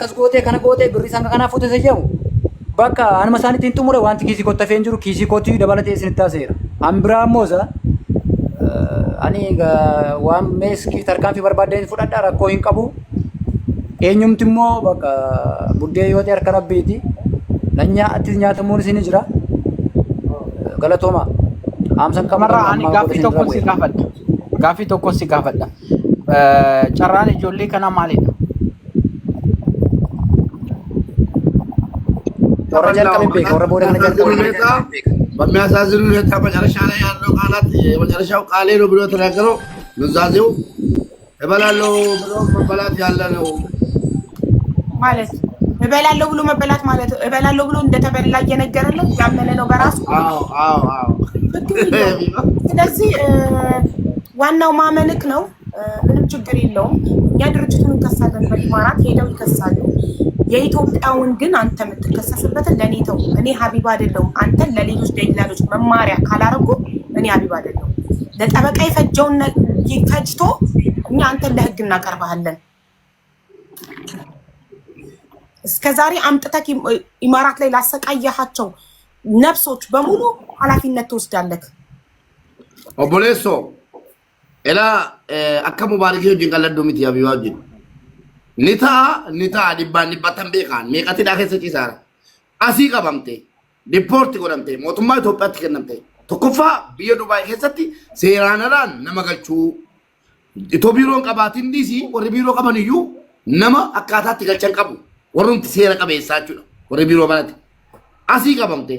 akkas gootee kana gootee birrii sana kanaaf fute seyya'u bakka anuma isaaniitiin xumure wanti kiisii kottafee hin jiru kiisii kottii dabalatee isinitti haaseera. An biraa ammoo ani waan meeskii tarkaanfii barbaadeen fudhadha rakkoo hin qabu. Eenyumti immoo bakka buddee yoo ta'e harka rabbiiti. Nanya atti nyaatamuun isin jira. Galatooma. Amsan kamarraa ani gaaffii tokko si gaafadha. Gaaffii tokko si gaafadha. Carraan ijoollee kanaa maalidha? በሚያሳዝን ሁኔታ መጨረሻ ላይ ያለው ቃላት የመጨረሻው ቃሌ ነው ብሎ የተናገረው ኑዛዜው እበላለሁ ብሎ መበላት ያለ ነው ማለት እበላለሁ ብሎ መበላት ማለት እበላለው ብሎ እንደተበላ እየነገረ ነው ያመነ ነው በራሱ። ስለዚህ ዋናው ማመንክ ነው። ምንም ችግር የለውም። እኛ ድርጅቱን እንከሳለን። በኢማራት ሄደው ይከሳሉ። የኢትዮጵያውን ግን አንተ የምትከሰስበትን ለእኔ ተው። እኔ ሀቢባ አይደለሁም። አንተን ለሌሎች ደላሎች መማሪያ ካላረጉ እኔ ሀቢባ አይደለሁም። ለጠበቃ የፈጀውን ፈጅቶ እኛ አንተን ለህግ እናቀርባለን። እስከዛሬ አምጥተህ ኢማራት ላይ ላሰቃየሃቸው ነፍሶች በሙሉ ኃላፊነት ትወስዳለህ። ኦቦሌሶ ኤላ አካ ሙባረኪ ወጅን ቀለዶሚት ሀቢባ ወጅን ni ta'a ni ta'a dhibbaan dhibbattan beekan meeqatidhaa keessa ciisaara asii qabamte diippoorti godhamte mootummaa Itoophiyaatti kennamte tokkoffaa biyya Dubaay keessatti seeraan alaan nama galchuu itoo biiroon qabaatiin dhiisii warri biiroo qaban iyyuu nama akkaataatti galchan qabu warri nuti seera qabeessaa jechuudha warri biiroo banate asii qabamte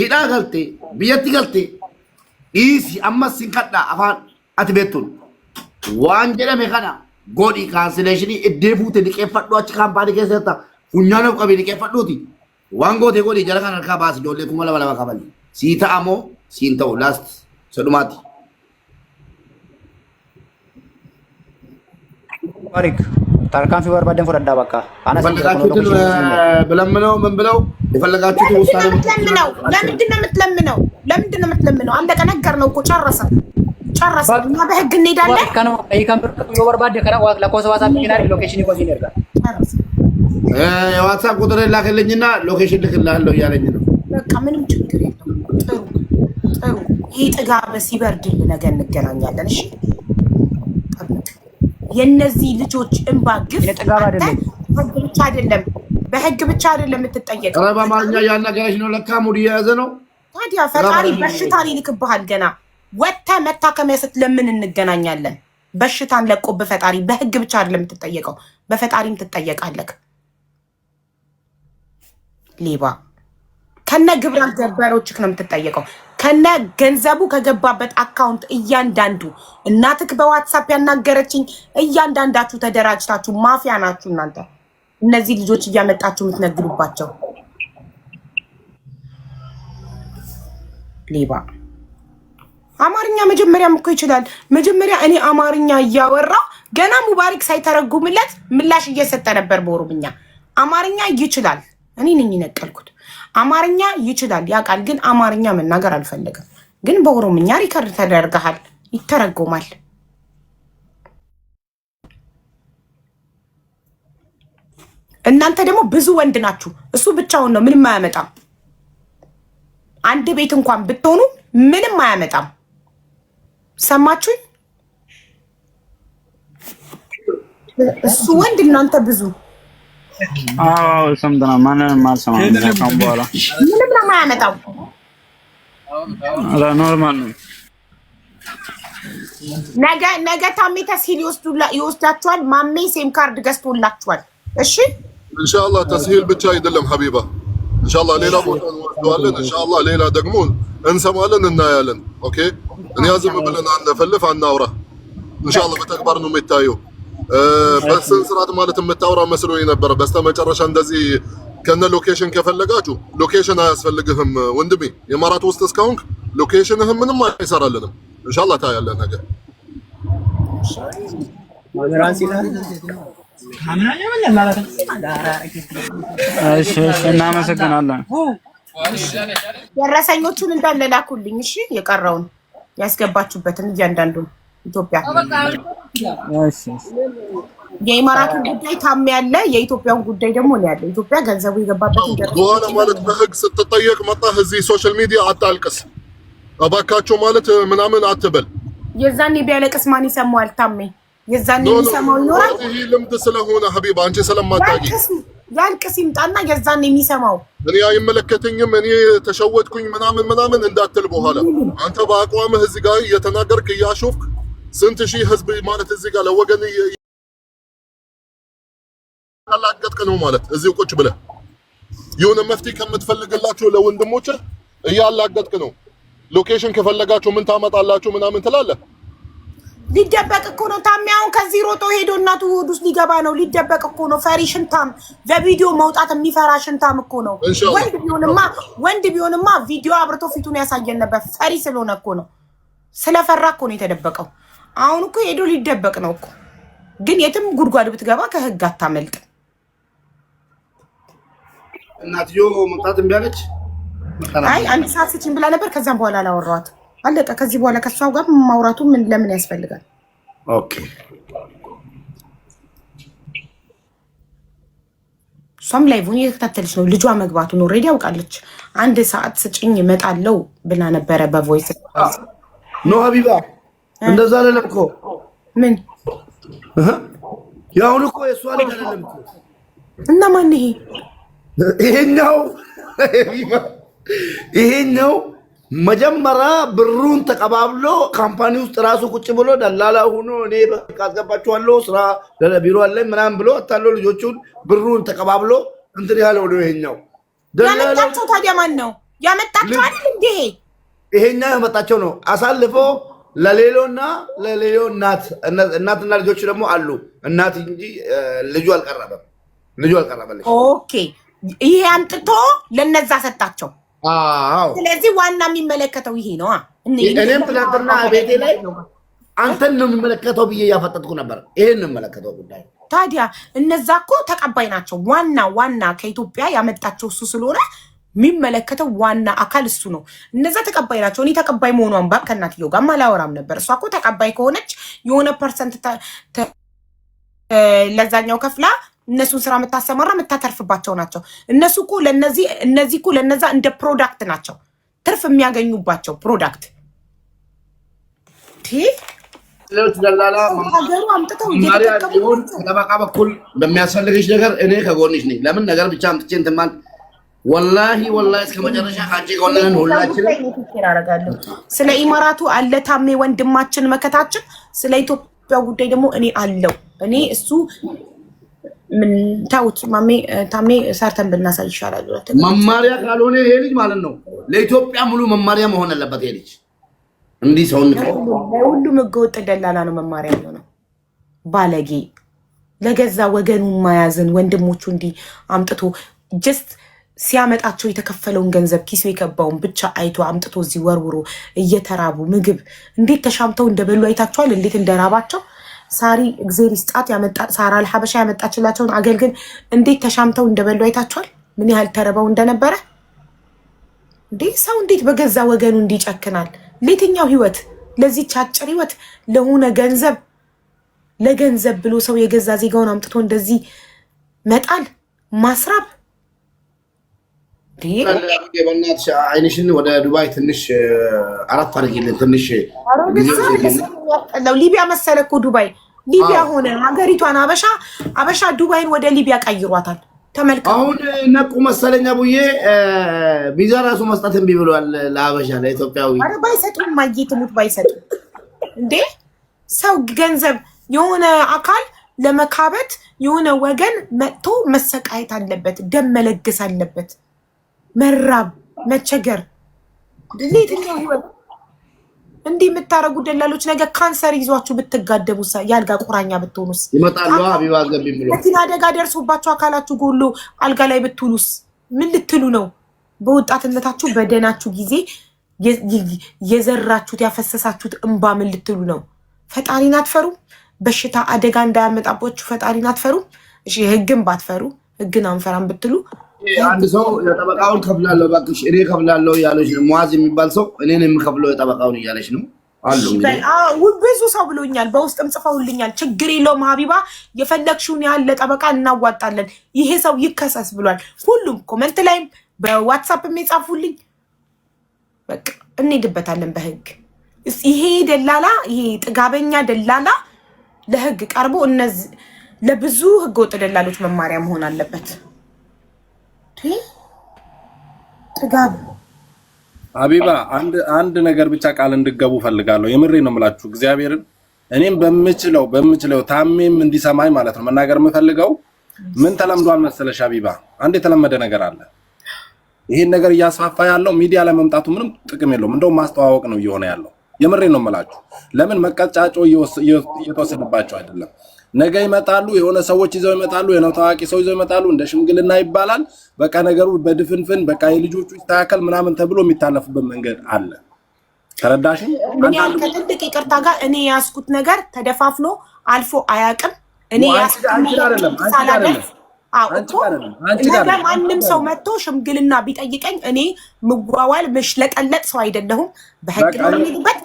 hidhaa galte biyyatti galte dhiisii ammas hin kadhaa afaan ati beektuun waan jedhame kanaa godhi kaansileeshinii iddee fuute dhiqee fadhu achi kaampaanii keessa jirta funyaanuuf qabee dhiqee fadhuuti waan goote godi jala kan harkaa baasi ijoollee kuma lama lama qabani sii ta'a moo siin ta'u laast sadhumaati. Barik tarkaanfii barbaadeen fudhadhaa bakka. የፈለጋችሁትን ብለምነው ምን ብለው የፈለጋችሁትን ውሳኔ ለምንድን ነው የምትለምነው? ለምንድን ነው የምትለምነው? አንድ ቀን ነገር ነው እኮ ጨረሰ። ጨረስና በህግ እንሄዳለን። የዋትሳፕ ቁጥር ላክልኝና ሎኬሽን ልክልሃለሁ እያለኝ ነው። በቃ ምንም ችግር የለውም። ጥሩ ጥሩ። ይህ ጥጋብ ሲበርድል ነገ እንገናኛለን። እሺ፣ የእነዚህ ልጆች እንባ ግፍ ብቻ አይደለም በህግ ብቻ አይደለም የምትጠየቀው። በአማርኛ ነው። ለካ ሙድ እየያዘ ነው። ታዲያ ፈጣሪ ይልክብሃል ገና ወጥተ መታከሚያ ስትለምን እንገናኛለን። በሽታን ለቆ በፈጣሪ በህግ ብቻ አይደለም የምትጠየቀው፣ በፈጣሪም ትጠየቃለህ። ሌባ ከነ ግብረ ገበሮችክ ነው የምትጠየቀው፣ ከነ ገንዘቡ ከገባበት አካውንት እያንዳንዱ። እናትክ በዋትሳፕ ያናገረችኝ፣ እያንዳንዳችሁ ተደራጅታችሁ ማፊያ ናችሁ እናንተ እነዚህ ልጆች እያመጣችሁ የምትነግዱባቸው ሌባ አማርኛ መጀመሪያም እኮ ይችላል። መጀመሪያ እኔ አማርኛ እያወራ ገና ሙባሪክ ሳይተረጉምለት ምላሽ እየሰጠ ነበር በኦሮምኛ። አማርኛ ይችላል። እኔ ነኝ የነቀልኩት። አማርኛ ይችላል እኔ ነኝ ነቀልኩት አማርኛ ይችላል ያውቃል ግን አማርኛ መናገር አልፈለገም። ግን በኦሮምኛ ሪከርድ ተደርገሃል፣ ይተረጎማል። እናንተ ደግሞ ብዙ ወንድ ናችሁ። እሱ ብቻውን ነው፣ ምንም አያመጣም። አንድ ቤት እንኳን ብትሆኑ ምንም አያመጣም። ሰማችሁኝ? እሱ ወንድ እናንተ ብዙ አዎ፣ ሰምተናል። ማንንም አልሰማም። ካሁን በኋላ ምንም ነው የማያመጣው። ኖርማል ነው። ነገ ነገ ታሜ ተስሂል ይወስዳችኋል። ማሜ ሴም ካርድ ገዝቶላችኋል። እሺ፣ ኢንሻአላህ ተስሂል ብቻ አይደለም ሀቢባ፣ ኢንሻአላህ ሌላ ቦታ እንወስደዋለን። ኢንሻአላህ ሌላ ደግሞ እንሰማለን፣ እናያለን። ኦኬ እኔ ዝም ብለን አንለፈልፍ፣ አናውራ። ኢንሻአላህ በተግባር ነው የሚታየው። በስን ስርዓት ማለት የምታውራ መስሎ ነበር። በስተመጨረሻ እንደዚህ ከነ ሎኬሽን ከፈለጋችሁ ሎኬሽን አያስፈልግህም ወንድሜ። የማራት ውስጥ እስካሁን ሎኬሽንህም ምንም አይሰራልንም። ኢንሻአላህ ታያለህ ነገር እናመሰግናለን። ደረሰኞቹን እንዳለ ላኩልኝ። እሺ፣ የቀረውን ያስገባችሁበትን እያንዳንዱ ኢትዮጵያ የኢማራቱን ጉዳይ ታም ያለ የኢትዮጵያን ጉዳይ ደግሞ ነው ያለ። ኢትዮጵያ ገንዘቡ የገባበት በኋላ ማለት በህግ ስትጠየቅ መጣህ እዚህ ሶሻል ሚዲያ አታልቅስ እባካቸው ማለት ምናምን አትበል። የዛኔ ቢያለቅስ ማን ይሰማዋል? ታሜ የዛን የሚሰማው ይኖራል። ይህ ልምድ ስለሆነ ሀቢባ አንቺ ስለማታውቂ ያልቅስ ይምጣና የዛን የሚሰማው እኔ አይመለከተኝም፣ እኔ ተሸወድኩኝ ምናምን ምናምን እንዳትል በኋላ አንተ በአቋምህ እዚህ ጋር እየተናገርክ እያሾፍክ ስንት ሺህ ህዝብ ማለት እዚህ ጋር ለወገን ያላገጥክ ነው ማለት እዚህ ቁጭ ብለህ የሆነ መፍትሄ ከምትፈልግላቸው ለወንድሞች እያላገጥክ ነው። ሎኬሽን ከፈለጋችሁ ምን ታመጣላችሁ ምናምን ትላለህ። ሊደበቅ እኮ ነው። ታሚ አሁን ከዚህ ሮጦ ሄዶ እናቱ ሆድ ውስጥ ሊገባ ነው። ሊደበቅ እኮ ነው። ፈሪ ሽንታም፣ በቪዲዮ መውጣት የሚፈራ ሽንታም እኮ ነው። ወንድ ቢሆንማ ወንድ ቢሆንማ ቪዲዮ አብርቶ ፊቱን ያሳየን ነበር። ፈሪ ስለሆነ እኮ ነው። ስለፈራ እኮ ነው የተደበቀው። አሁን እኮ ሄዶ ሊደበቅ ነው እኮ። ግን የትም ጉድጓድ ብትገባ ከህግ አታመልጥ። እናትዮ መምጣት እምቢ አለች። አይ አንድ ሰዓት ስችን ብላ ነበር። ከዛም በኋላ አላወራኋትም። አለቀ። ከዚህ በኋላ ከሷው ጋር ማውራቱ ምን ለምን ያስፈልጋል? ኦኬ እሷም ላይቭን እየተከታተለች ነው። ልጇ መግባቱን ኦልሬዲ ያውቃለች። አንድ ሰዓት ስጭኝ እመጣለሁ ብላ ነበረ በቮይስ ኖ ሀቢባ እንደዛ አይደለም እኮ ምን ያሁን እኮ የእሷ ልጅ አይደለም እኮ እና ማን ይሄ ይሄኛው ይሄኛው መጀመሪያ ብሩን ተቀባብሎ ካምፓኒ ውስጥ ራሱ ቁጭ ብሎ ደላላ ሆኖ እኔ አስገባችኋለሁ ስራ ቢሮ አለ ምናምን ብሎ አታሎ ልጆቹን ብሩን ተቀባብሎ እንትን ያለው ነው። ይሄኛው ያመጣቸው ታዲያ ማን ነው ያመጣቸው? አይደል እንዴ? ይሄኛው ያመጣቸው ነው አሳልፎ ለሌሎና ለሌሎ እናት እናትና ልጆቹ ደግሞ አሉ። እናት እንጂ ልጁ አልቀረበም። ልጁ አልቀረበልሽ። ኦኬ፣ ይሄ አምጥቶ ለነዛ ሰጣቸው። ስለዚህ ዋና የሚመለከተው ይሄ ነው። እኔም ትናንትና ቤቴ ላይ አንተን ነው የሚመለከተው ብዬ እያፈጠጥኩ ነበር። ይሄን ነው የሚመለከተው ጉዳይ። ታዲያ እነዛ እኮ ተቀባይ ናቸው። ዋና ዋና ከኢትዮጵያ ያመጣቸው እሱ ስለሆነ የሚመለከተው ዋና አካል እሱ ነው። እነዛ ተቀባይ ናቸው። እኔ ተቀባይ መሆኗን ባ ከእናትየው ጋር አላወራም ነበር። እሷ እኮ ተቀባይ ከሆነች የሆነ ፐርሰንት ለዛኛው ከፍላ እነሱን ስራ የምታሰማራ የምታተርፍባቸው ናቸው። እነሱ እኮ ለነዚህ እነዚህ እኮ ለነዛ እንደ ፕሮዳክት ናቸው፣ ትርፍ የሚያገኙባቸው ፕሮዳክት ደላላ ጠበቃ በኩል በሚያስፈልግሽ ነገር እኔ ከጎንሽ ነኝ። ለምን ነገር ብቻ አምጥቼ እንትን ማለት ወላሂ ወላሂ እስከ መጨረሻ ከአንቺ ሆነን ሁላችንም ስለ ኢማራቱ አለ ታሜ ወንድማችን መከታችን፣ ስለ ኢትዮጵያ ጉዳይ ደግሞ እኔ አለው እኔ እሱ ታውት ማሜ ታሜ ሰርተን ብናሳይ ይሻላል። መማሪያ ካልሆነ ይሄ ልጅ ማለት ነው ለኢትዮጵያ ሙሉ መማሪያ መሆን አለበት። ይሄ ልጅ እንዲህ ሰው ሁሉም ህገወጥ ደላላ ነው መማሪያ የሆነው ባለጌ፣ ለገዛ ወገኑ ማያዝን ወንድሞቹ እንዲህ አምጥቶ ጀስት ሲያመጣቸው የተከፈለውን ገንዘብ ኪሱ የገባውን ብቻ አይቶ አምጥቶ እዚህ ወርውሮ እየተራቡ ምግብ እንዴት ተሻምተው እንደበሉ አይታችኋል። እንዴት እንደራባቸው ሳሪ እግዜር ይስጣት ሳራ ለሀበሻ ያመጣችላቸውን አገልግል እንዴት ተሻምተው እንደበሉ አይታችኋል። ምን ያህል ተርበው እንደነበረ እንዴ! ሰው እንዴት በገዛ ወገኑ እንዲጨክናል? ለየትኛው ህይወት? ለዚች አጭር ህይወት ለሆነ ገንዘብ ለገንዘብ ብሎ ሰው የገዛ ዜጋውን አምጥቶ እንደዚህ መጣል ማስራብ በእናትሽ አይንሽን ወደ ዱባይ ትንሽ አድርጊልን። ትንሽ ሊቢያ መሰለ እኮ ዱባይ ሊቢያ ሆነ ሀገሪቷን። አበሻ አበሻ ዱባይን ወደ ሊቢያ ቀይሯታል። ተመልከት። አሁን ነቁ መሰለኛ ቡዬ ቪዛ ራሱ መስጠት እምቢ ብሏል። ለአበሻ ለኢትዮጵያዊ ባይሰጡም ትሙት ባይሰጡም እንዴ ሰው ገንዘብ የሆነ አካል ለመካበት የሆነ ወገን መጥቶ መሰቃየት አለበት። ደም መለገስ አለበት። መራብ፣ መቸገር ለየትኛው ህይወት እንዲህ የምታደርጉ ደላሎች ነገ ካንሰር ይዟችሁ ብትጋደቡ የአልጋ ቁራኛ ብትሆኑስ? ይመጣሉ። አቢባ ብሎ አደጋ ደርሶባችሁ አካላችሁ ጎሎ አልጋ ላይ ብትውሉስ ምን ልትሉ ነው? በወጣትነታችሁ በደናችሁ ጊዜ የዘራችሁት ያፈሰሳችሁት እንባ ምን ልትሉ ነው? ፈጣሪን አትፈሩ። በሽታ አደጋ እንዳያመጣባችሁ ፈጣሪን አትፈሩ። እሺ ህግን ባትፈሩ ህግን አንፈራም ብትሉ አንድ ሰው ጠበቃውን ከፍላለሁ እባክሽ እኔ ከፍላለሁ እያለች ነው። ሙዓዝ የሚባል ሰው እኔን የምከፍለው ጠበቃውን እያለች ነው አሉ። ብዙ ሰው ብሎኛል፣ በውስጥም ጽፈውልኛል። ችግር የለውም ሀቢባ፣ የፈለግሽውን ያህል ለጠበቃ እናዋጣለን፣ ይሄ ሰው ይከሰስ ብሏል። ሁሉም ኮመንት ላይም በዋትሳፕም የጻፉልኝ በቃ እንሄድበታለን በህግ ይሄ ደላላ ይሄ ጥጋበኛ ደላላ ለህግ ቀርቦ እነዚህ ለብዙ ህገወጥ ደላሎች መማሪያ መሆን አለበት። ጥጋብ አቢባ አንድ አንድ ነገር ብቻ ቃል እንድገቡ ፈልጋለሁ። የምሬ ነው የምላችሁ እግዚአብሔርን እኔም በምችለው በምችለው ታሜም እንዲሰማኝ ማለት ነው መናገር የምፈልገው። ምን ተለምዷል መሰለሽ አቢባ፣ አንድ የተለመደ ነገር አለ። ይሄን ነገር እያስፋፋ ያለው ሚዲያ ላይ መምጣቱ ምንም ጥቅም የለውም። እንደውም ማስተዋወቅ ነው እየሆነ ያለው። የምሬ ነው የምላችሁ። ለምን መቀጫጮ እየተወሰደባቸው አይደለም ነገ ይመጣሉ፣ የሆነ ሰዎች ይዘው ይመጣሉ፣ የሆነ ታዋቂ ሰው ይዘው ይመጣሉ። እንደ ሽምግልና ይባላል። በቃ ነገሩ በድፍንፍን በቃ የልጆቹ ይስተካከል ምናምን ተብሎ የሚታለፍበት መንገድ አለ። ተረዳሽን? ከትልቅ ይቅርታ ጋር እኔ ያስኩት ነገር ተደፋፍኖ አልፎ አያውቅም። እኔ ነገ ማንም ሰው መጥቶ ሽምግልና ቢጠይቀኝ እኔ ምጓዋል ምሽለጠለጥ ሰው አይደለሁም። በህግ ነው የሚሄድበት።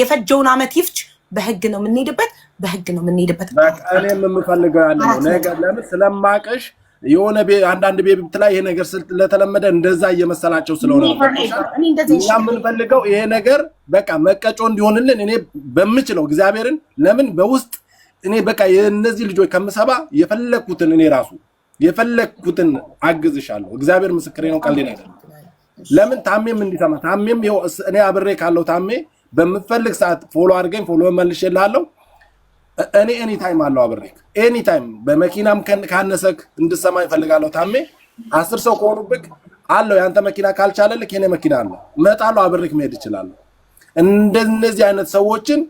የፈጀውን አመት ይፍች በህግ ነው የምንሄድበት፣ በህግ ነው የምንሄድበት። እኔም የምፈልገው ያለ ነው። ለምን ስለማቀሽ የሆነ አንዳንድ ቤብት ላይ ይሄ ነገር ስለተለመደ እንደዛ እየመሰላቸው ስለሆነ እኛ የምንፈልገው ይሄ ነገር በቃ መቀጮ እንዲሆንልን እኔ በምችለው እግዚአብሔርን ለምን በውስጥ እኔ በቃ የእነዚህ ልጆች ከምሰባ የፈለግኩትን እኔ ራሱ የፈለግኩትን አግዝሻለሁ። እግዚአብሔር ምስክሬ ነው፣ ቀልዴን ነገር ለምን ታሜም እንዲሰማ ታሜም እኔ አብሬ ካለው ታሜ በምፈልግ ሰዓት ፎሎ አድርገኝ፣ ፎሎ መልሼልሃለሁ። እኔ ኤኒ ታይም አለው አብሬክ ኤኒ ታይም። በመኪናም ካነሰክ እንድሰማ ይፈልጋለሁ። ታሜ አስር ሰው ከሆኑብክ አለው የአንተ መኪና ካልቻለልክ የኔ መኪና አለ እመጣለሁ፣ አብሬክ መሄድ እችላለሁ። እንደነዚህ አይነት ሰዎችን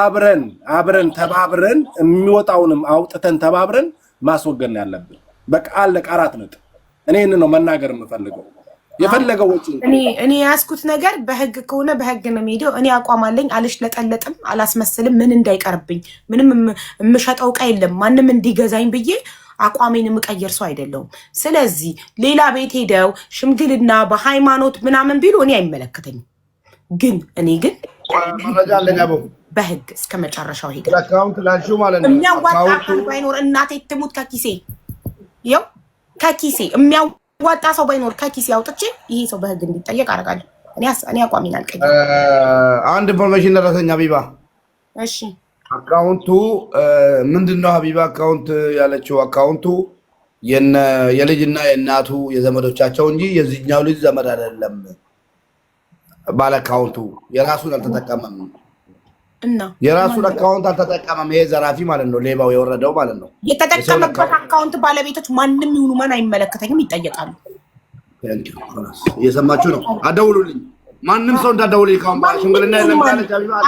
አብረን አብረን ተባብረን የሚወጣውንም አውጥተን ተባብረን ማስወገድ ነው ያለብን። በቃ አለቅ አራት ነጥብ። እኔ ይህን ነው መናገር የምፈልገው። የፈለገው ወጪ እኔ ያስኩት ነገር በህግ ከሆነ በህግ ነው የሚሄደው። እኔ አቋም አለኝ። አልሽለጠለጥም፣ አላስመስልም። ምን እንዳይቀርብኝ ምንም የምሸጠው ዕቃ የለም ማንም እንዲገዛኝ ብዬ አቋሜን የምቀየር ሰው አይደለሁም። ስለዚህ ሌላ ቤት ሄደው ሽምግልና በሃይማኖት ምናምን ቢሉ እኔ አይመለከተኝም። ግን እኔ ግን በህግ እስከ መጨረሻው ሄደ የሚያዋጣ ባይኖር እናቴ ትሙት ከኪሴ ይኸው ከኪሴ የሚያው ዋጣ ሰው ባይኖር ከኪስ ያውጥቼ ይሄ ሰው በህግ እንዲጠየቅ አደርጋለሁ። እኔ አቋሚን አልቀይም። አንድ ኢንፎርሜሽን ደረሰኝ ሀቢባ። እሺ አካውንቱ ምንድን ነው? ሀቢባ አካውንት ያለችው አካውንቱ የልጅና የእናቱ የዘመዶቻቸው እንጂ የዚህኛው ልጅ ዘመድ አይደለም። ባለ አካውንቱ የራሱን አልተጠቀመም። የራሱን አካውንት አልተጠቀመም። ይሄ ዘራፊ ማለት ነው፣ ሌባው የወረደው ማለት ነው። የተጠቀመበት አካውንት ባለቤቶች ማንም ይሁኑ ማን አይመለከተኝም፣ ይጠየቃሉ። እየሰማችሁ ነው። አደውሉልኝ። ማንም ሰው እንዳደውል ሽምግልና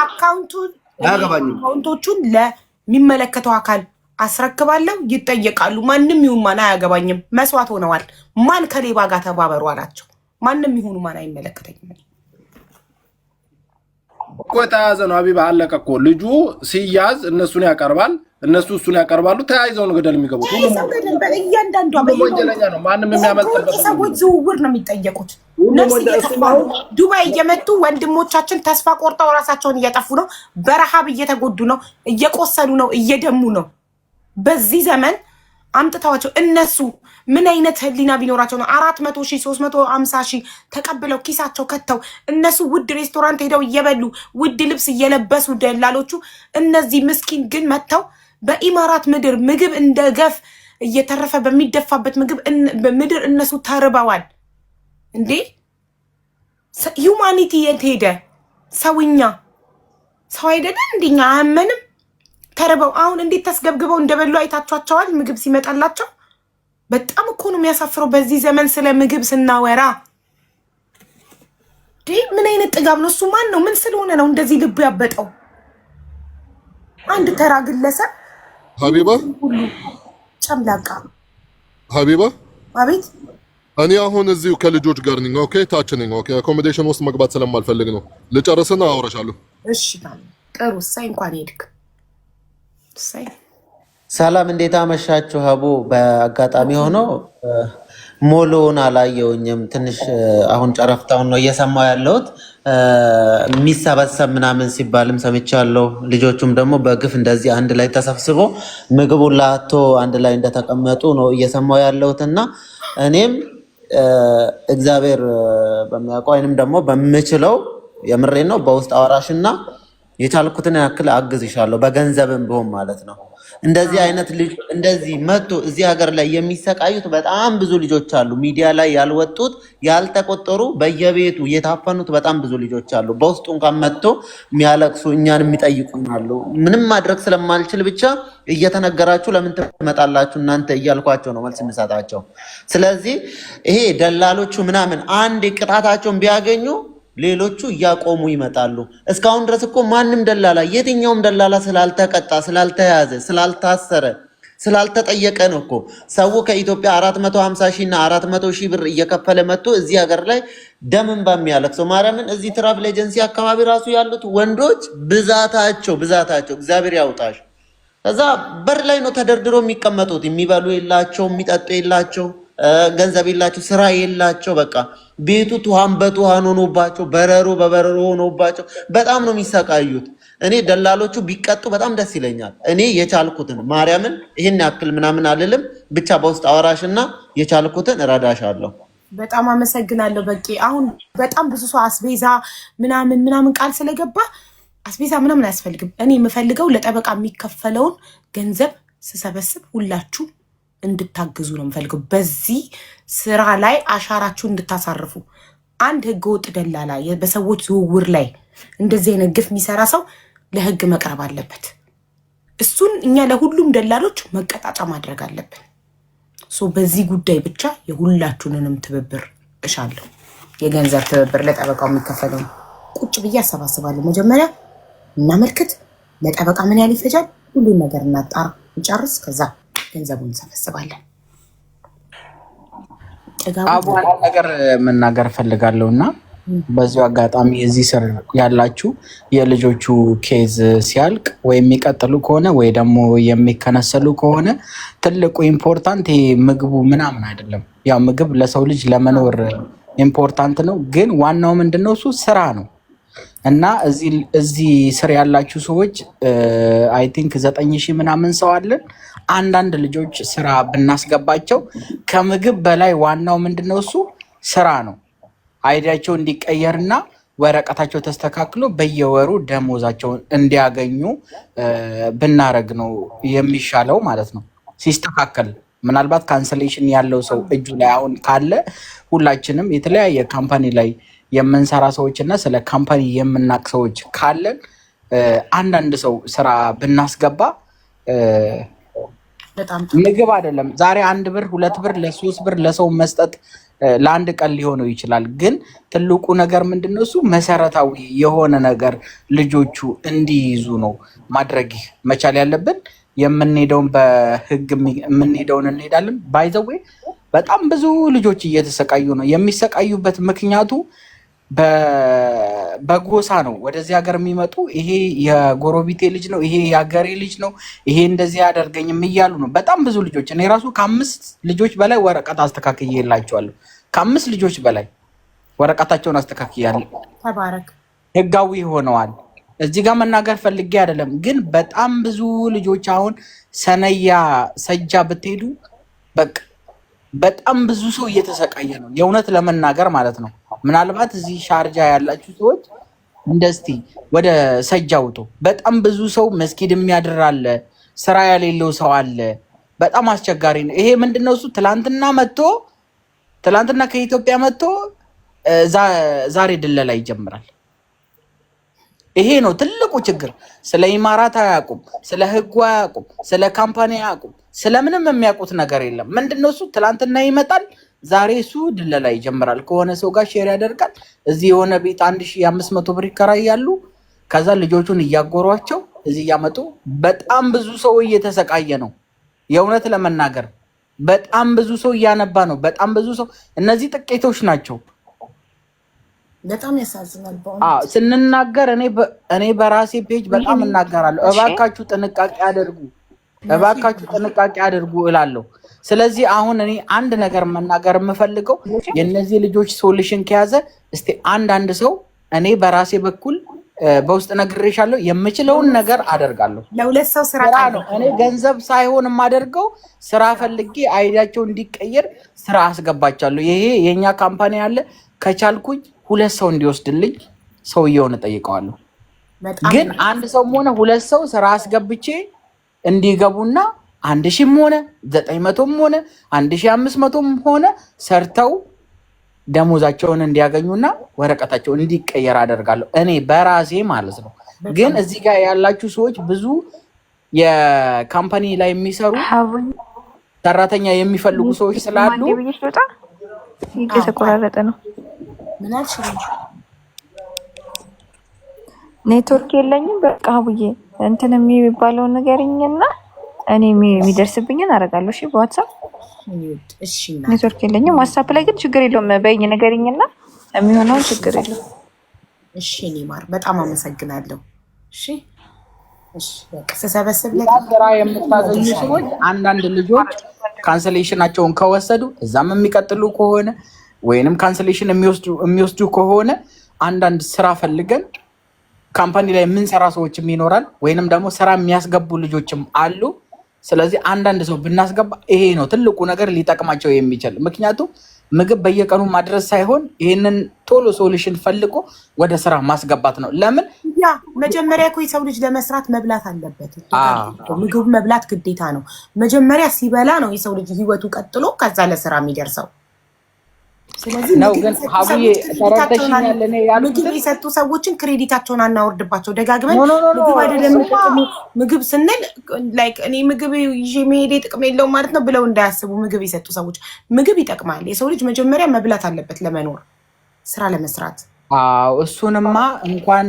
አካውንቶቹን ለሚመለከተው አካል አስረክባለሁ፣ ይጠየቃሉ። ማንም ይሁን ማን አያገባኝም፣ መስዋዕት ሆነዋል። ማን ከሌባ ጋር ተባበሩ አላቸው። ማንም ይሁኑ ማን አይመለከተኝም። እኮ የተያያዘ ነው። አቢባ አለቀ እኮ ልጁ ሲያዝ እነሱን ያቀርባል፣ እነሱ እሱን ያቀርባሉ። ተያይዘው ነው ገደል የሚገቡት። እያንዳንዷ ወንጀለኛ ነው። ማንም የሚያመልጥበት ሰዎች ዝውውር ነው የሚጠየቁት። ዱባይ እየመጡ ወንድሞቻችን ተስፋ ቆርጠው ራሳቸውን እያጠፉ ነው። በረሃብ እየተጎዱ ነው፣ እየቆሰሉ ነው፣ እየደሙ ነው። በዚህ ዘመን አምጥታዋቸው እነሱ ምን አይነት ህሊና ቢኖራቸው ነው አራት መቶ ሺህ ሶስት መቶ አምሳ ሺህ ተቀብለው ኪሳቸው ከተው እነሱ ውድ ሬስቶራንት ሄደው እየበሉ ውድ ልብስ እየለበሱ ደላሎቹ እነዚህ ምስኪን ግን መጥተው በኢማራት ምድር ምግብ እንደ ገፍ እየተረፈ በሚደፋበት ምግብ ምድር እነሱ ተርበዋል እንዴ ዩማኒቲ የት ሄደ ሰውኛ ሰው አይደለ እንደኛ አያመንም ተርበው አሁን እንዴት ተስገብግበው እንደበሉ አይታችኋቸዋል ምግብ ሲመጣላቸው በጣም እኮ ነው የሚያሳፍረው። በዚህ ዘመን ስለ ምግብ ስናወራ ምን አይነት ጥጋብ ነው እሱ? ማን ነው? ምን ስለሆነ ነው እንደዚህ ልቡ ያበጠው? አንድ ተራ ግለሰብ ሀቢባ ጨምላቃ ሀቢባ አቤት። እኔ አሁን እዚሁ ከልጆች ጋር ነኝ። ኦኬ ታች ነኝ። ኦኬ አኮሞዴሽን ውስጥ መግባት ስለማልፈልግ ነው። ልጨርስና አውረሻለሁ። እሺ ጥሩ። እሰይ እንኳን ሄድክ። እሰይ ሰላም እንዴት አመሻችሁ? ሀቡ በአጋጣሚ ሆኖ ሞሎውን አላየውኝም። ትንሽ አሁን ጨረፍታውን ነው እየሰማው ያለሁት። የሚሰበሰብ ምናምን ሲባልም ሰምቻለሁ። ልጆቹም ደግሞ በግፍ እንደዚህ አንድ ላይ ተሰብስቦ ምግቡን ላቶ አንድ ላይ እንደተቀመጡ ነው እየሰማው ያለሁት እና እኔም እግዚአብሔር በሚያውቀው ወይንም ደግሞ በምችለው የምሬ ነው በውስጥ አዋራሽና። እና የቻልኩትን ያክል አግዝሻለሁ በገንዘብም ቢሆን ማለት ነው። እንደዚህ አይነት ልጅ እንደዚህ መጥቶ እዚህ ሀገር ላይ የሚሰቃዩት በጣም ብዙ ልጆች አሉ። ሚዲያ ላይ ያልወጡት ያልተቆጠሩ፣ በየቤቱ የታፈኑት በጣም ብዙ ልጆች አሉ። በውስጡ እንኳን መጥቶ የሚያለቅሱ እኛን የሚጠይቁናሉ። ምንም ማድረግ ስለማልችል ብቻ እየተነገራችሁ ለምን ትመጣላችሁ እናንተ እያልኳቸው ነው መልስ የምሰጣቸው። ስለዚህ ይሄ ደላሎቹ ምናምን አንድ ቅጣታቸውን ቢያገኙ ሌሎቹ እያቆሙ ይመጣሉ። እስካሁን ድረስ እኮ ማንም ደላላ የትኛውም ደላላ ስላልተቀጣ፣ ስላልተያዘ፣ ስላልታሰረ፣ ስላልተጠየቀ ነው እኮ ሰው ከኢትዮጵያ 450 ሺህ እና 400 ሺህ ብር እየከፈለ መጥቶ እዚህ ሀገር ላይ ደምን ሰው ማርያምን። እዚህ ትራቭል ኤጀንሲ አካባቢ ራሱ ያሉት ወንዶች ብዛታቸው ብዛታቸው እግዚአብሔር ያውጣሽ። ከዛ በር ላይ ነው ተደርድሮ የሚቀመጡት። የሚበሉ የላቸው፣ የሚጠጡ የላቸው ገንዘብ የላቸው፣ ስራ የላቸው። በቃ ቤቱ ቱሃን በቱሃን ሆኖባቸው፣ በረሮ በበረሮ ሆኖባቸው በጣም ነው የሚሰቃዩት። እኔ ደላሎቹ ቢቀጡ በጣም ደስ ይለኛል። እኔ የቻልኩትን ማርያምን ይህን ያክል ምናምን አልልም፣ ብቻ በውስጥ አወራሽና የቻልኩትን የቻልኩትን እረዳሻለሁ። በጣም አመሰግናለሁ። በቂ አሁን በጣም ብዙ ሰው አስቤዛ ምናምን ምናምን ቃል ስለገባ አስቤዛ ምናምን አያስፈልግም። እኔ የምፈልገው ለጠበቃ የሚከፈለውን ገንዘብ ስሰበስብ ሁላችሁ እንድታግዙ ነው የምፈልገው። በዚህ ስራ ላይ አሻራችሁን እንድታሳርፉ። አንድ ህገ ወጥ ደላላ፣ በሰዎች ዝውውር ላይ እንደዚህ አይነት ግፍ የሚሰራ ሰው ለህግ መቅረብ አለበት። እሱን እኛ ለሁሉም ደላሎች መቀጣጫ ማድረግ አለብን። ሶ በዚህ ጉዳይ ብቻ የሁላችሁንንም ትብብር እሻለሁ። የገንዘብ ትብብር ለጠበቃው የሚከፈለው ቁጭ ብዬ አሰባስባለሁ። መጀመሪያ እናመልከት፣ ለጠበቃ ምን ያህል ይፈጃል፣ ሁሉን ነገር እናጣራ፣ እንጨርስ ከዛ ገንዘቡን እንሰበስባለን። ነገር መናገር እፈልጋለሁ እና በዚሁ አጋጣሚ እዚህ ስር ያላችሁ የልጆቹ ኬዝ ሲያልቅ ወይ የሚቀጥሉ ከሆነ ወይ ደግሞ የሚከነሰሉ ከሆነ ትልቁ ኢምፖርታንት ይሄ ምግቡ ምናምን አይደለም። ያው ምግብ ለሰው ልጅ ለመኖር ኢምፖርታንት ነው፣ ግን ዋናው ምንድነው እሱ ስራ ነው። እና እዚህ ስር ያላችሁ ሰዎች አይ ቲንክ ዘጠኝ ሺህ ምናምን ሰው አለን አንዳንድ ልጆች ስራ ብናስገባቸው ከምግብ በላይ ዋናው ምንድነው እሱ ስራ ነው። አይዲያቸው እንዲቀየርና ወረቀታቸው ተስተካክሎ በየወሩ ደሞዛቸውን እንዲያገኙ ብናረግ ነው የሚሻለው ማለት ነው። ሲስተካከል ምናልባት ካንስሌሽን ያለው ሰው እጁ ላይ አሁን ካለ ሁላችንም የተለያየ ካምፓኒ ላይ የምንሰራ ሰዎች እና ስለ ካምፓኒ የምናቅ ሰዎች ካለን አንዳንድ ሰው ስራ ብናስገባ ምግብ አይደለም። ዛሬ አንድ ብር ሁለት ብር ለሶስት ብር ለሰው መስጠት ለአንድ ቀን ሊሆነው ይችላል። ግን ትልቁ ነገር ምንድነሱ እሱ መሰረታዊ የሆነ ነገር ልጆቹ እንዲይዙ ነው ማድረግ መቻል ያለብን። የምንሄደውን በህግ የምንሄደውን እንሄዳለን። ባይዘዌ በጣም ብዙ ልጆች እየተሰቃዩ ነው። የሚሰቃዩበት ምክንያቱ በጎሳ ነው ወደዚህ ሀገር የሚመጡ ይሄ የጎረቤቴ ልጅ ነው፣ ይሄ የሀገሬ ልጅ ነው፣ ይሄ እንደዚህ አደርገኝም እያሉ ነው። በጣም ብዙ ልጆች እኔ ራሱ ከአምስት ልጆች በላይ ወረቀት አስተካክዬ የላቸዋለሁ። ከአምስት ልጆች በላይ ወረቀታቸውን አስተካክያለሁ። ተባረክ። ህጋዊ ሆነዋል። እዚህ ጋር መናገር ፈልጌ አይደለም፣ ግን በጣም ብዙ ልጆች አሁን ሰነያ ሰጃ ብትሄዱ በቃ በጣም ብዙ ሰው እየተሰቃየ ነው፣ የእውነት ለመናገር ማለት ነው። ምናልባት እዚህ ሻርጃ ያላችሁ ሰዎች እንደ ወደ ሰጅ ውጡ። በጣም ብዙ ሰው መስጊድ የሚያድር አለ፣ ስራ የሌለው ሰው አለ። በጣም አስቸጋሪ ነው። ይሄ ምንድነው እሱ ትላንትና መጥቶ ትላንትና ከኢትዮጵያ መጥቶ ዛሬ ድለላ ይጀምራል። ይሄ ነው ትልቁ ችግር። ስለ ኢማራት አያውቁም፣ ስለ ህጉ አያውቁም፣ ስለ ካምፓኒ አያውቁም። ስለምንም የሚያውቁት ነገር የለም። ምንድነው እሱ ትላንትና ይመጣል፣ ዛሬ እሱ ድለላ ይጀምራል። ከሆነ ሰው ጋር ሼር ያደርጋል። እዚህ የሆነ ቤት አንድ ሺ አምስት መቶ ብር ይከራያሉ። ከዛ ልጆቹን እያጎሯቸው እዚህ እያመጡ በጣም ብዙ ሰው እየተሰቃየ ነው። የእውነት ለመናገር በጣም ብዙ ሰው እያነባ ነው። በጣም ብዙ ሰው እነዚህ ጥቂቶች ናቸው። በጣም ያሳዝናል። ስንናገር እኔ በራሴ ፔጅ በጣም እናገራለሁ። እባካችሁ ጥንቃቄ አድርጉ። እባካችሁ ጥንቃቄ አድርጉ እላለሁ። ስለዚህ አሁን እኔ አንድ ነገር መናገር የምፈልገው የእነዚህ ልጆች ሶሉሽን ከያዘ እስቲ አንዳንድ ሰው እኔ በራሴ በኩል በውስጥ ነግሬሻለሁ፣ የምችለውን ነገር አደርጋለሁ። ለሁለት ሰው ስራ ነው። እኔ ገንዘብ ሳይሆን የማደርገው ስራ ፈልጌ አይዲያቸው እንዲቀየር ስራ አስገባቻለሁ። ይሄ የእኛ ካምፓኒ ያለ ከቻልኩኝ ሁለት ሰው እንዲወስድልኝ ሰውየውን እጠይቀዋለሁ። ግን አንድ ሰውም ሆነ ሁለት ሰው ስራ አስገብቼ እንዲገቡና አንድ ሺህም ሆነ ዘጠኝ መቶም ሆነ አንድ ሺህ አምስት መቶም ሆነ ሰርተው ደሞዛቸውን እንዲያገኙና ወረቀታቸው እንዲቀየር አደርጋለሁ እኔ በራሴ ማለት ነው። ግን እዚህ ጋር ያላችሁ ሰዎች ብዙ የካምፓኒ ላይ የሚሰሩ ሰራተኛ የሚፈልጉ ሰዎች ስላሉ የተቆራረጠ ነው። ኔትወርክ የለኝም በቃ ብዬ እንትን የሚባለውን ንገሪኝና እኔ የሚደርስብኝን አደርጋለሁ። እሺ፣ በዋትሳፕ ኔትወርክ የለኝም። ዋትሳፕ ላይ ግን ችግር የለውም። በይኝ፣ ንገሪኝና የሚሆነውን ችግር የለውም። እሺ፣ እኔ ማር በጣም አመሰግናለሁ። እሺ፣ እሺ፣ በቃ ስሰበስብ ለራ የምታገኙ ሰዎች አንዳንድ ልጆች ካንሰሌሽናቸውን ከወሰዱ እዛም የሚቀጥሉ ከሆነ ወይንም ካንሰሌሽን የሚወስዱ ከሆነ አንዳንድ ስራ ፈልገን ካምፓኒ ላይ የምንሰራ ሰዎችም ይኖራል፣ ወይንም ደግሞ ስራ የሚያስገቡ ልጆችም አሉ። ስለዚህ አንዳንድ ሰው ብናስገባ ይሄ ነው ትልቁ ነገር ሊጠቅማቸው የሚችል ምክንያቱም ምግብ በየቀኑ ማድረስ ሳይሆን ይህንን ቶሎ ሶሉሽን ፈልጎ ወደ ስራ ማስገባት ነው። ለምን ያ መጀመሪያ እኮ የሰው ልጅ ለመስራት መብላት አለበት። ምግብ መብላት ግዴታ ነው። መጀመሪያ ሲበላ ነው የሰው ልጅ ህይወቱ ቀጥሎ ከዛ ለስራ የሚደርሰው። ነው ግን ሀቡዬ እኔ ምግብ የሰጡ ሰዎችን ክሬዲታቸውን አናወርድባቸው። ደጋግመን ምግብ አይደለም ምግብ ስንል ላይክ እኔ ምግብ ይዤ መሄዴ ጥቅም የለውም ማለት ነው ብለው እንዳያስቡ ምግብ የሰጡ ሰዎች። ምግብ ይጠቅማል። የሰው ልጅ መጀመሪያ መብላት አለበት ለመኖር፣ ስራ ለመስራት። አዎ እሱንማ እንኳን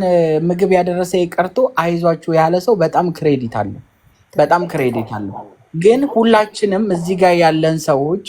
ምግብ ያደረሰ ይቀርቶ አይዟችሁ ያለ ሰው በጣም ክሬዲት በጣም ክሬዲት ግን ሁላችንም እዚህ ጋር ያለን ሰዎች